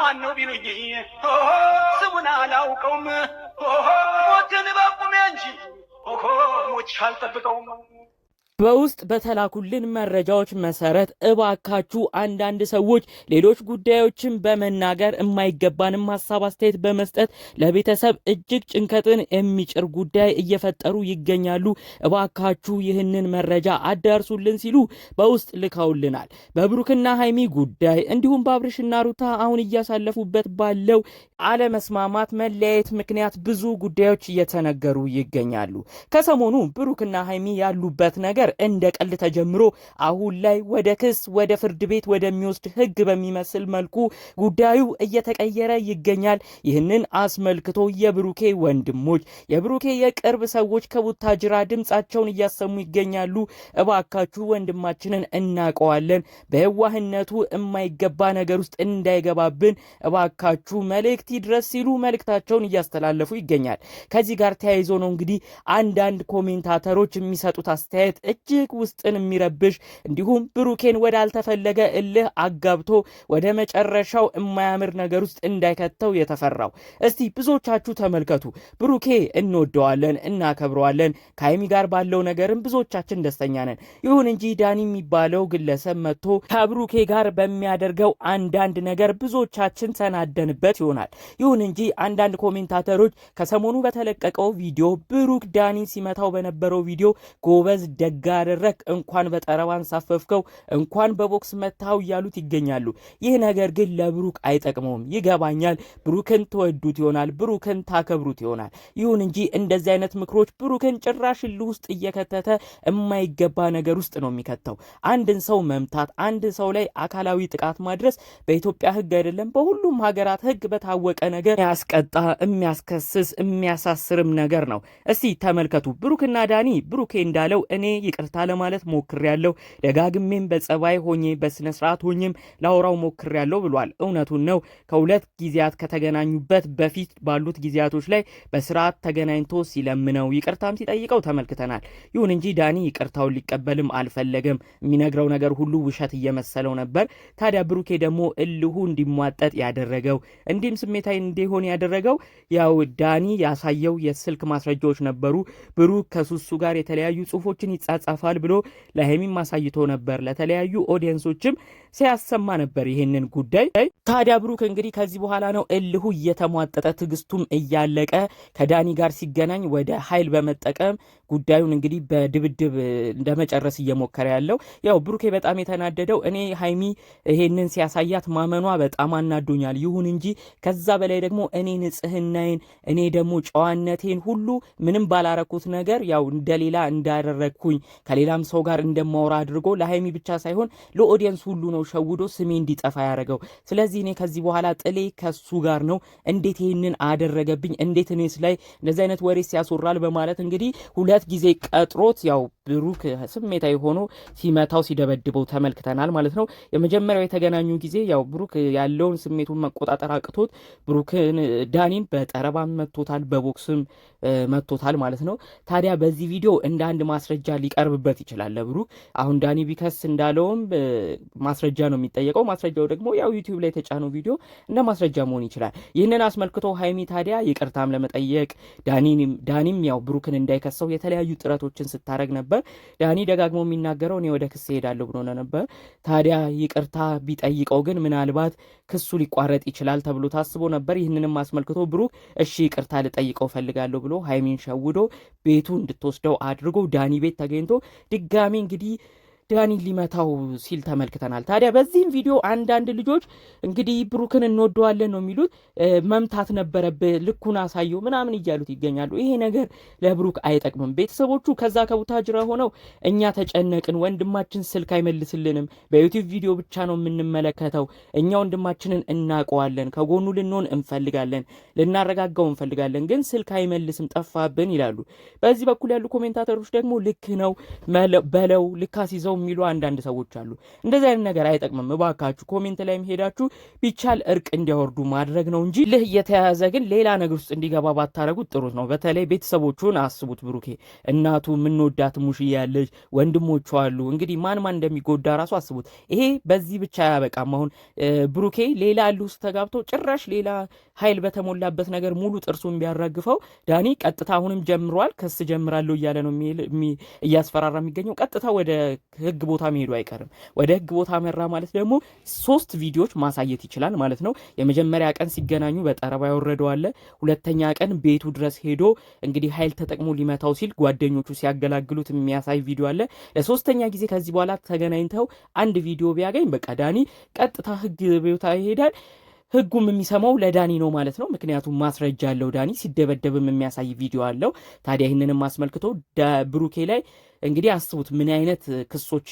ማን ነው ቢሉኝ ስሙን አላውቀውም። ሞትን በቁሜ እንጂ ሞች አልጠብቀውም። በውስጥ በተላኩልን መረጃዎች መሰረት እባካችሁ አንዳንድ ሰዎች ሌሎች ጉዳዮችን በመናገር የማይገባንም ሀሳብ አስተያየት በመስጠት ለቤተሰብ እጅግ ጭንቀትን የሚጭር ጉዳይ እየፈጠሩ ይገኛሉ። እባካችሁ ይህንን መረጃ አዳርሱልን ሲሉ በውስጥ ልከውልናል። በብሩክና ሀይሚ ጉዳይ እንዲሁም በአብርሽና ሩታ አሁን እያሳለፉበት ባለው አለመስማማት፣ መለያየት ምክንያት ብዙ ጉዳዮች እየተነገሩ ይገኛሉ። ከሰሞኑ ብሩክና ሀይሚ ያሉበት ነገር ነገር እንደ ቀልድ ተጀምሮ አሁን ላይ ወደ ክስ ወደ ፍርድ ቤት ወደሚወስድ ህግ በሚመስል መልኩ ጉዳዩ እየተቀየረ ይገኛል። ይህንን አስመልክቶ የብሩኬ ወንድሞች፣ የብሩኬ የቅርብ ሰዎች ከቡታጅራ ድምጻቸውን እያሰሙ ይገኛሉ። እባካችሁ ወንድማችንን እናቀዋለን በየዋህነቱ የማይገባ ነገር ውስጥ እንዳይገባብን እባካችሁ መልእክት ድረስ ሲሉ መልእክታቸውን እያስተላለፉ ይገኛል። ከዚህ ጋር ተያይዞ ነው እንግዲህ አንዳንድ ኮሜንታተሮች የሚሰጡት አስተያየት እጅግ ውስጥን የሚረብሽ እንዲሁም ብሩኬን ወዳልተፈለገ እልህ አጋብቶ ወደ መጨረሻው የማያምር ነገር ውስጥ እንዳይከተው የተፈራው። እስቲ ብዙዎቻችሁ ተመልከቱ። ብሩኬ እንወደዋለን፣ እናከብረዋለን። ከሀይሚ ጋር ባለው ነገርም ብዙዎቻችን ደስተኛ ነን። ይሁን እንጂ ዳኒ የሚባለው ግለሰብ መጥቶ ከብሩኬ ጋር በሚያደርገው አንዳንድ ነገር ብዙዎቻችን ተናደንበት ይሆናል። ይሁን እንጂ አንዳንድ ኮሜንታተሮች ከሰሞኑ በተለቀቀው ቪዲዮ ብሩክ ዳኒ ሲመታው በነበረው ቪዲዮ ጎበዝ ደጋ አደረክ፣ እንኳን በጠረባ አንሳፈፍከው፣ እንኳን በቦክስ መታው እያሉት ይገኛሉ። ይህ ነገር ግን ለብሩክ አይጠቅመውም። ይገባኛል። ብሩክን ትወዱት ይሆናል፣ ብሩክን ታከብሩት ይሆናል። ይሁን እንጂ እንደዚህ አይነት ምክሮች ብሩክን ጭራሽ እልህ ውስጥ እየከተተ የማይገባ ነገር ውስጥ ነው የሚከተው። አንድን ሰው መምታት፣ አንድ ሰው ላይ አካላዊ ጥቃት ማድረስ በኢትዮጵያ ሕግ አይደለም በሁሉም ሀገራት ሕግ በታወቀ ነገር የሚያስቀጣ የሚያስከስስ፣ የሚያሳስርም ነገር ነው። እስቲ ተመልከቱ። ብሩክና ዳኒ ብሩኬ እንዳለው እኔ ይቅርታ ለማለት ሞክሬያለሁ። ደጋግሜም በጸባይ ሆኜ በስነ ስርዓት ሆኜም ላውራው ሞክሬያለሁ ብሏል። እውነቱን ነው። ከሁለት ጊዜያት ከተገናኙበት በፊት ባሉት ጊዜያቶች ላይ በስርዓት ተገናኝቶ ሲለምነው ይቅርታም ሲጠይቀው ተመልክተናል። ይሁን እንጂ ዳኒ ይቅርታውን ሊቀበልም አልፈለገም። የሚነግረው ነገር ሁሉ ውሸት እየመሰለው ነበር። ታዲያ ብሩኬ ደግሞ እልሁ እንዲሟጠጥ ያደረገው እንዲህም ስሜታዊ እንዲሆን ያደረገው ያው ዳኒ ያሳየው የስልክ ማስረጃዎች ነበሩ። ብሩክ ከሱሱ ጋር የተለያዩ ጽሁፎችን ይጻጻል ይጠፋል ብሎ ለሀይሚም ማሳይቶ ነበር፣ ለተለያዩ ኦዲየንሶችም ሲያሰማ ነበር ይህንን ጉዳይ። ታዲያ ብሩክ እንግዲህ ከዚህ በኋላ ነው እልሁ እየተሟጠጠ ትግስቱም እያለቀ ከዳኒ ጋር ሲገናኝ ወደ ኃይል በመጠቀም ጉዳዩን እንግዲህ በድብድብ እንደመጨረስ እየሞከረ ያለው ያው ብሩኬ በጣም የተናደደው እኔ ሀይሚ ይሄንን ሲያሳያት ማመኗ በጣም አናዶኛል። ይሁን እንጂ ከዛ በላይ ደግሞ እኔ ንጽህናዬን እኔ ደግሞ ጨዋነቴን ሁሉ ምንም ባላረኩት ነገር ያው እንደሌላ እንዳደረግኩኝ ከሌላም ሰው ጋር እንደማወራ አድርጎ ለሀይሚ ብቻ ሳይሆን ለኦዲየንስ ሁሉ ነው ሸውዶ ስሜ እንዲጠፋ ያደረገው። ስለዚህ እኔ ከዚህ በኋላ ጥሌ ከሱ ጋር ነው። እንዴት ይህንን አደረገብኝ? እንዴት እኔስ ላይ እንደዚህ አይነት ወሬ ሲያስወራል? በማለት እንግዲህ ሁለት ጊዜ ቀጥሮት ያው ብሩክ ስሜታዊ ሆኖ ሲመታው ሲደበድበው ተመልክተናል ማለት ነው። የመጀመሪያው የተገናኙ ጊዜ ያው ብሩክ ያለውን ስሜቱን መቆጣጠር አቅቶት ብሩክን ዳኒን በጠረባም መቶታል፣ በቦክስም መጥቶታል ማለት ነው። ታዲያ በዚህ ቪዲዮ እንደ አንድ ማስረጃ ሊቀርብበት ይችላል ለብሩክ። አሁን ዳኒ ቢከስ እንዳለውም ማስረጃ ነው የሚጠየቀው። ማስረጃው ደግሞ ያው ዩቲዩብ ላይ የተጫነው ቪዲዮ እንደ ማስረጃ መሆን ይችላል። ይህንን አስመልክቶ ሀይሚ ታዲያ ይቅርታም ለመጠየቅ ዳኒም ያው ብሩክን እንዳይከሰው የተለያዩ ጥረቶችን ስታደረግ ነበር። ዳኒ ደጋግሞ የሚናገረው እኔ ወደ ክስ እሄዳለሁ ብሎ ነበር። ታዲያ ይቅርታ ቢጠይቀው ግን ምናልባት ክሱ ሊቋረጥ ይችላል ተብሎ ታስቦ ነበር። ይህንንም አስመልክቶ ብሩክ እሺ ይቅርታ ልጠይቀው ፈልጋለሁ ብሎ ሀይሚን ሸውዶ ቤቱ እንድትወስደው አድርጎ ዳኒ ቤት ተገኝቶ ድጋሚ እንግዲህ ዳኒ ሊመታው ሲል ተመልክተናል። ታዲያ በዚህም ቪዲዮ አንዳንድ ልጆች እንግዲህ ብሩክን እንወደዋለን ነው የሚሉት፣ መምታት ነበረብህ፣ ልኩን አሳየው ምናምን እያሉት ይገኛሉ። ይሄ ነገር ለብሩክ አይጠቅምም። ቤተሰቦቹ ከዛ ከቡታጅራ ሆነው እኛ ተጨነቅን፣ ወንድማችን ስልክ አይመልስልንም፣ በዩቲዩብ ቪዲዮ ብቻ ነው የምንመለከተው፣ እኛ ወንድማችንን እናውቀዋለን፣ ከጎኑ ልንሆን እንፈልጋለን፣ ልናረጋጋው እንፈልጋለን፣ ግን ስልክ አይመልስም፣ ጠፋብን ይላሉ። በዚህ በኩል ያሉ ኮሜንታተሮች ደግሞ ልክ ነው በለው ልክ አስይዘው የሚሉ አንዳንድ ሰዎች አሉ። እንደዚህ አይነት ነገር አይጠቅምም። እባካችሁ ኮሜንት ላይ ሄዳችሁ ቢቻል እርቅ እንዲያወርዱ ማድረግ ነው እንጂ ልህ እየተያያዘ ግን ሌላ ነገር ውስጥ እንዲገባ ባታረጉት ጥሩት ነው። በተለይ ቤተሰቦቹን አስቡት። ብሩኬ እናቱ የምንወዳት ሙሽ እያለች ወንድሞቹ አሉ። እንግዲህ ማን ማን እንደሚጎዳ ራሱ አስቡት። ይሄ በዚህ ብቻ አያበቃም። አሁን ብሩኬ ሌላ እልህ ውስጥ ተጋብተው ጭራሽ ሌላ ኃይል በተሞላበት ነገር ሙሉ ጥርሱን ቢያራግፈው ዳኒ ቀጥታ አሁንም ጀምሯል። ክስ ጀምራለሁ እያለ ነው እያስፈራራ የሚገኘው ቀጥታ ወደ ህግ ቦታ መሄዱ አይቀርም። ወደ ህግ ቦታ መራ ማለት ደግሞ ሶስት ቪዲዮዎች ማሳየት ይችላል ማለት ነው። የመጀመሪያ ቀን ሲገናኙ በጠረባ ያወረደው አለ። ሁለተኛ ቀን ቤቱ ድረስ ሄዶ እንግዲህ ኃይል ተጠቅሞ ሊመታው ሲል ጓደኞቹ ሲያገላግሉት የሚያሳይ ቪዲዮ አለ። ለሶስተኛ ጊዜ ከዚህ በኋላ ተገናኝተው አንድ ቪዲዮ ቢያገኝ በቃ ዳኒ ቀጥታ ህግ ቦታ ይሄዳል። ህጉም የሚሰማው ለዳኒ ነው ማለት ነው። ምክንያቱም ማስረጃ አለው። ዳኒ ሲደበደብም የሚያሳይ ቪዲዮ አለው። ታዲያ ይህንንም አስመልክቶ ብሩኬ ላይ እንግዲህ አስቡት ምን አይነት ክሶች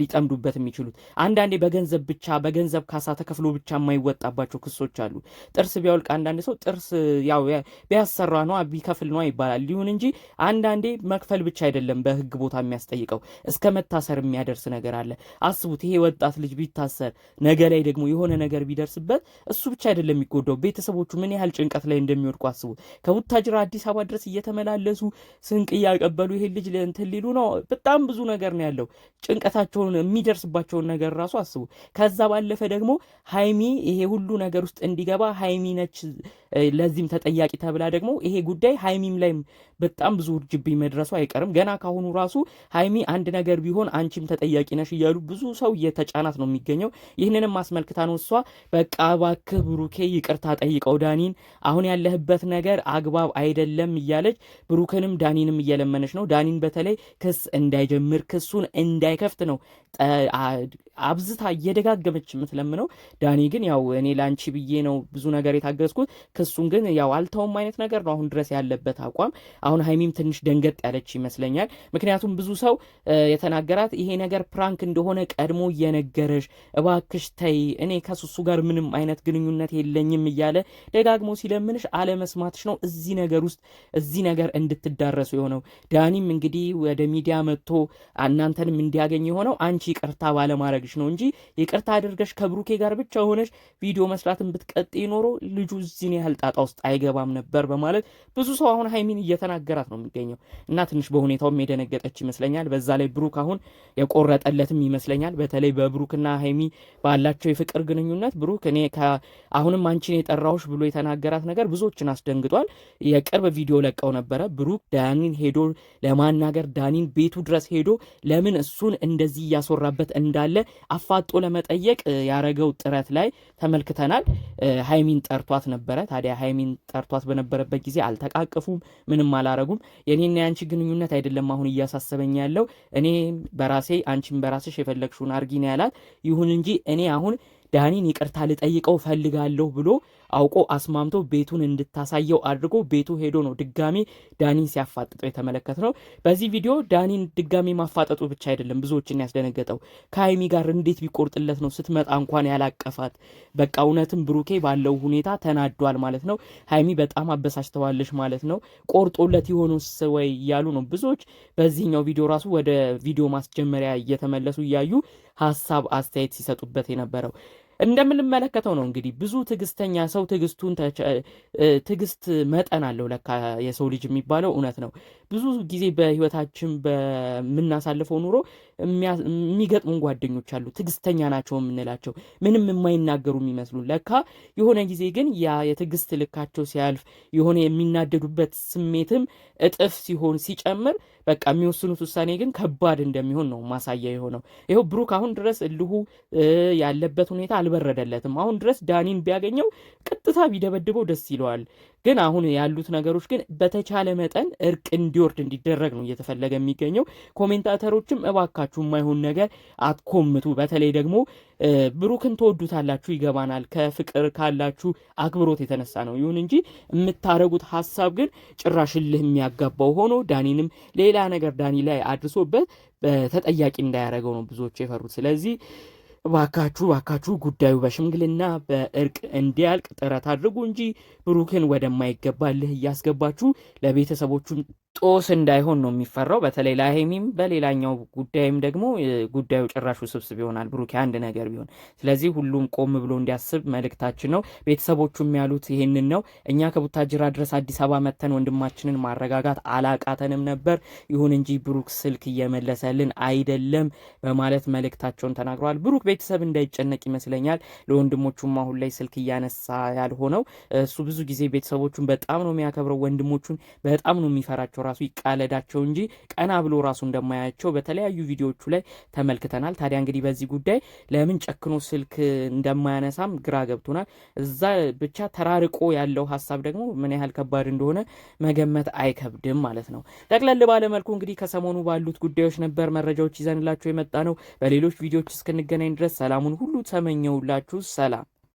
ሊጠምዱበት የሚችሉት። አንዳንዴ በገንዘብ ብቻ በገንዘብ ካሳ ተከፍሎ ብቻ የማይወጣባቸው ክሶች አሉ። ጥርስ ቢያወልቅ አንዳንድ ሰው ጥርስ ያው ቢያሰራ ነዋ ቢከፍል ነዋ ይባላል። ይሁን እንጂ አንዳንዴ መክፈል ብቻ አይደለም በህግ ቦታ የሚያስጠይቀው እስከ መታሰር የሚያደርስ ነገር አለ። አስቡት ይሄ ወጣት ልጅ ቢታሰር ነገ ላይ ደግሞ የሆነ ነገር ቢደርስበት እሱ ብቻ አይደለም የሚጎዳው፣ ቤተሰቦቹ ምን ያህል ጭንቀት ላይ እንደሚወድቁ አስቡት። ከቡታጅራ አዲስ አበባ ድረስ እየተመላለሱ ስንቅ እያቀበሉ ይሄ ልጅ እንትን ሊሉ ነው። በጣም ብዙ ነገር ነው ያለው። ጭንቀታቸውን የሚደርስባቸውን ነገር ራሱ አስቡ። ከዛ ባለፈ ደግሞ ሀይሚ ይሄ ሁሉ ነገር ውስጥ እንዲገባ ሀይሚ ነች ለዚህም ተጠያቂ ተብላ ደግሞ ይሄ ጉዳይ ሀይሚም ላይ በጣም ብዙ ውርጅብኝ መድረሱ አይቀርም። ገና ካሁኑ ራሱ ሀይሚ አንድ ነገር ቢሆን አንቺም ተጠያቂ ነሽ እያሉ ብዙ ሰው እየተጫናት ነው የሚገኘው። ይህንንም አስመልክታ ነው እሷ በቃ እባክህ ብሩኬ ይቅርታ ጠይቀው ዳኒን፣ አሁን ያለህበት ነገር አግባብ አይደለም እያለች ብሩክንም ዳኒንም እየለመነች ነው። ዳኒን በተለይ ክስ እንዳይጀምር ክሱን እንዳይከፍት ነው አብዝታ እየደጋገመች የምትለምነው። ዳኒ ግን ያው እኔ ለአንቺ ብዬ ነው ብዙ ነገር የታገዝኩት ክሱን ግን ያው አልተውም አይነት ነገር ነው አሁን ድረስ ያለበት አቋም። አሁን ሀይሚም ትንሽ ደንገጥ ያለች ይመስለኛል። ምክንያቱም ብዙ ሰው የተናገራት ይሄ ነገር ፕራንክ እንደሆነ ቀድሞ እየነገረሽ እባክሽ ተይ፣ እኔ ከሱሱ ጋር ምንም አይነት ግንኙነት የለኝም እያለ ደጋግሞ ሲለምንሽ አለመስማትሽ ነው እዚህ ነገር ውስጥ እዚህ ነገር እንድትዳረሱ የሆነው። ዳኒም እንግዲህ ወደ ሚዲያ መጥቶ እናንተንም እንዲያገኝ የሆነው አንቺ ቅርታ ባለማድረግ ስለምትፈልግሽ ነው እንጂ ይቅርታ አድርገሽ ከብሩኬ ጋር ብቻ የሆነች ቪዲዮ መስራትን ብትቀጥ ኖሮ ልጁ እዚህን ያህል ጣጣ ውስጥ አይገባም ነበር በማለት ብዙ ሰው አሁን ሀይሚን እየተናገራት ነው የሚገኘው እና ትንሽ በሁኔታውም የደነገጠች ይመስለኛል። በዛ ላይ ብሩክ አሁን የቆረጠለትም ይመስለኛል። በተለይ በብሩክና ሀይሚ ባላቸው የፍቅር ግንኙነት ብሩክ እኔ አሁንም አንቺን የጠራሁሽ ብሎ የተናገራት ነገር ብዙዎችን አስደንግጧል። የቅርብ ቪዲዮ ለቀው ነበረ። ብሩክ ዳኒን ሄዶ ለማናገር ዳኒን ቤቱ ድረስ ሄዶ ለምን እሱን እንደዚህ እያስወራበት እንዳለ አፋጦ ለመጠየቅ ያረገው ጥረት ላይ ተመልክተናል። ሀይሚን ጠርቷት ነበረ። ታዲያ ሀይሚን ጠርቷት በነበረበት ጊዜ አልተቃቀፉም፣ ምንም አላረጉም። የኔና የአንቺ ግንኙነት አይደለም አሁን እያሳሰበኝ ያለው እኔ በራሴ አንቺን በራስሽ የፈለግሽውን አርጊ ነው ያላት። ይሁን እንጂ እኔ አሁን ዳኒን ይቅርታ ልጠይቀው ፈልጋለሁ ብሎ አውቆ አስማምቶ ቤቱን እንድታሳየው አድርጎ ቤቱ ሄዶ ነው ድጋሜ ዳኒን ሲያፋጥጠው የተመለከት ነው። በዚህ ቪዲዮ ዳኒን ድጋሜ ማፋጠጡ ብቻ አይደለም ብዙዎችን ያስደነገጠው ከሀይሚ ጋር እንዴት ቢቆርጥለት ነው ስትመጣ እንኳን ያላቀፋት። በቃ እውነትም ብሩኬ ባለው ሁኔታ ተናዷል ማለት ነው። ሀይሚ በጣም አበሳጭተዋለች ማለት ነው። ቆርጦለት የሆነስ ወይ እያሉ ነው ብዙዎች። በዚህኛው ቪዲዮ ራሱ ወደ ቪዲዮ ማስጀመሪያ እየተመለሱ እያዩ ሀሳብ አስተያየት ሲሰጡበት የነበረው። እንደምንመለከተው ነው እንግዲህ ብዙ ትዕግስተኛ ሰው ትዕግስቱን ትዕግስት መጠን አለው። ለካ የሰው ልጅ የሚባለው እውነት ነው። ብዙ ጊዜ በህይወታችን በምናሳልፈው ኑሮ የሚገጥሙን ጓደኞች አሉ። ትዕግስተኛ ናቸው የምንላቸው ምንም የማይናገሩ የሚመስሉ ለካ የሆነ ጊዜ ግን ያ የትዕግስት ልካቸው ሲያልፍ የሆነ የሚናደዱበት ስሜትም እጥፍ ሲሆን ሲጨምር፣ በቃ የሚወስኑት ውሳኔ ግን ከባድ እንደሚሆን ነው ማሳያ የሆነው። ይኸው ብሩክ አሁን ድረስ እልሁ ያለበት ሁኔታ አልበረደለትም። አሁን ድረስ ዳኒን ቢያገኘው ቀጥታ ቢደበድበው ደስ ይለዋል። ግን አሁን ያሉት ነገሮች ግን በተቻለ መጠን እርቅ እንዲወርድ እንዲደረግ ነው እየተፈለገ የሚገኘው። ኮሜንታተሮችም እባካችሁ የማይሆን ነገር አትኮምቱ። በተለይ ደግሞ ብሩክን ተወዱታላችሁ፣ ይገባናል። ከፍቅር ካላችሁ አክብሮት የተነሳ ነው። ይሁን እንጂ የምታደርጉት ሀሳብ ግን ጭራሽ እልህ የሚያጋባው ሆኖ ዳኒንም ሌላ ነገር ዳኒ ላይ አድርሶበት ተጠያቂ እንዳያደረገው ነው ብዙዎች የፈሩት። ስለዚህ እባካችሁ እባካችሁ ጉዳዩ በሽምግልና በእርቅ እንዲያልቅ ጥረት አድርጉ እንጂ ብሩክን ወደማይገባ እያስገባችሁ ለቤተሰቦቹም ጦስ እንዳይሆን ነው የሚፈራው። በተለይ ለሀይሚም በሌላኛው ጉዳይም ደግሞ ጉዳዩ ጭራሽ ውስብስብ ይሆናል፣ ብሩክ አንድ ነገር ቢሆን። ስለዚህ ሁሉም ቆም ብሎ እንዲያስብ መልእክታችን ነው። ቤተሰቦቹም ያሉት ይህንን ነው። እኛ ከቡታጅራ ድረስ አዲስ አበባ መተን ወንድማችንን ማረጋጋት አላቃተንም ነበር። ይሁን እንጂ ብሩክ ስልክ እየመለሰልን አይደለም በማለት መልእክታቸውን ተናግረዋል። ብሩክ ቤተሰብ እንዳይጨነቅ ይመስለኛል ለወንድሞቹም አሁን ላይ ስልክ እያነሳ ያልሆነው እሱ ብዙ ጊዜ ቤተሰቦቹን በጣም ነው የሚያከብረው፣ ወንድሞቹን በጣም ነው የሚፈራቸው ራሱ ይቃለዳቸው እንጂ ቀና ብሎ ራሱ እንደማያቸው በተለያዩ ቪዲዮዎቹ ላይ ተመልክተናል። ታዲያ እንግዲህ በዚህ ጉዳይ ለምን ጨክኖ ስልክ እንደማያነሳም ግራ ገብቶናል። እዛ ብቻ ተራርቆ ያለው ሀሳብ ደግሞ ምን ያህል ከባድ እንደሆነ መገመት አይከብድም ማለት ነው። ጠቅለል ባለመልኩ እንግዲህ ከሰሞኑ ባሉት ጉዳዮች ነበር መረጃዎች ይዘንላቸው የመጣ ነው። በሌሎች ቪዲዮዎች እስክንገናኝ ድረስ ሰላሙን ሁሉ ተመኘውላችሁ። ሰላም